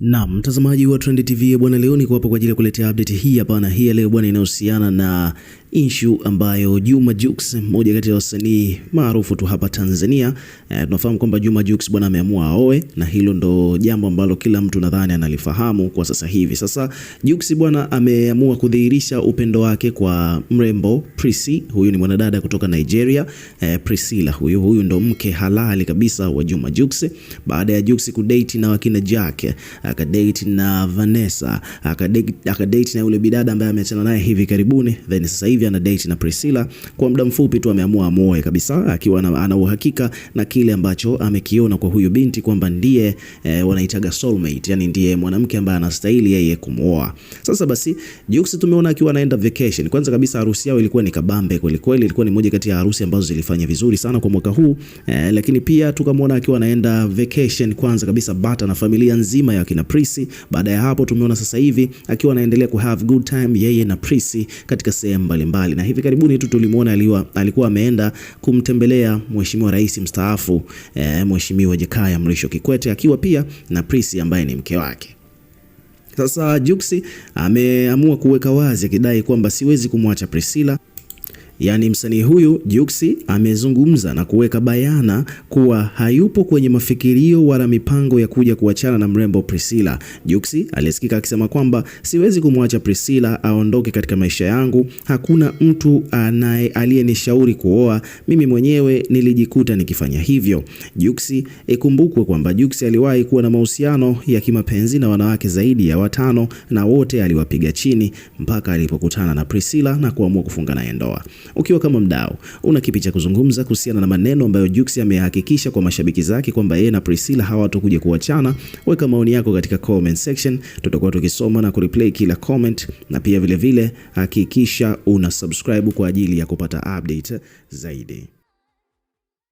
Na mtazamaji wa Trend TV bwana, leo niko hapa kwa ajili ya kuletea update hii hapa na hii leo bwana, inahusiana na issue ambayo Juma Jux, mmoja kati ya wasanii maarufu tu hapa Tanzania e, tunafahamu kwamba Juma Jux bwana ameamua aoe, na hilo ndo jambo ambalo kila mtu nadhani analifahamu kwa sasa hivi. Sasa Jux bwana ameamua kudhihirisha upendo wake kwa mrembo Prissy, huyu ni mwanadada kutoka Nigeria e, Priscilla huyu, huyu ndo mke halali kabisa wa Juma Jux baada ya Jux kudate na wakina Jack akadate na Vanessa, akadate akadate na yule bidada ambaye ameachana naye hivi karibuni, then sasa hivi ana date na Priscilla. Kwa muda mfupi tu ameamua amuoe kabisa, akiwa ana uhakika na kile ambacho amekiona kwa huyu binti kwamba ndiye e, wanaitaga soulmate, yani ndiye mwanamke ambaye anastahili yeye kumuoa. Sasa basi Jux tumeona akiwa anaenda vacation. Kwanza kabisa harusi yao ilikuwa ni kabambe kweli kweli, ilikuwa ni moja kati ya harusi ambazo zilifanya vizuri sana kwa mwaka huu e, lakini pia tukamwona akiwa anaenda vacation kwanza kabisa bata na familia nzima ya na Prisi. Baada ya hapo tumeona sasa hivi akiwa anaendelea ku have good time yeye na Prisi katika sehemu mbalimbali, na hivi karibuni tu tulimuona alikuwa ameenda kumtembelea mheshimiwa rais mstaafu eh, mheshimiwa Jakaya Mrisho Kikwete akiwa pia na Prisi ambaye ni mke wake. Sasa Juksi ameamua kuweka wazi akidai kwamba siwezi kumwacha Priscilla Yaani msanii huyu Juksi amezungumza na kuweka bayana kuwa hayupo kwenye mafikirio wala mipango ya kuja kuachana na mrembo Priscilla. Juksi alisikika akisema kwamba siwezi kumwacha Priscilla aondoke katika maisha yangu, hakuna mtu anaye aliyenishauri kuoa, mimi mwenyewe nilijikuta nikifanya hivyo. Juksi, ikumbukwe kwamba Juksi aliwahi kuwa na mahusiano ya kimapenzi na wanawake zaidi ya watano na wote aliwapiga chini mpaka alipokutana na Priscilla na kuamua kufunga naye ndoa. Ukiwa kama mdau, una kipi cha kuzungumza kuhusiana na maneno ambayo Jux amehakikisha kwa mashabiki zake kwamba yeye na Priscilla hawatokuja kuachana? Weka maoni yako katika comment section, tutakuwa tukisoma na kureplay kila comment, na pia vilevile hakikisha una subscribe kwa ajili ya kupata update zaidi.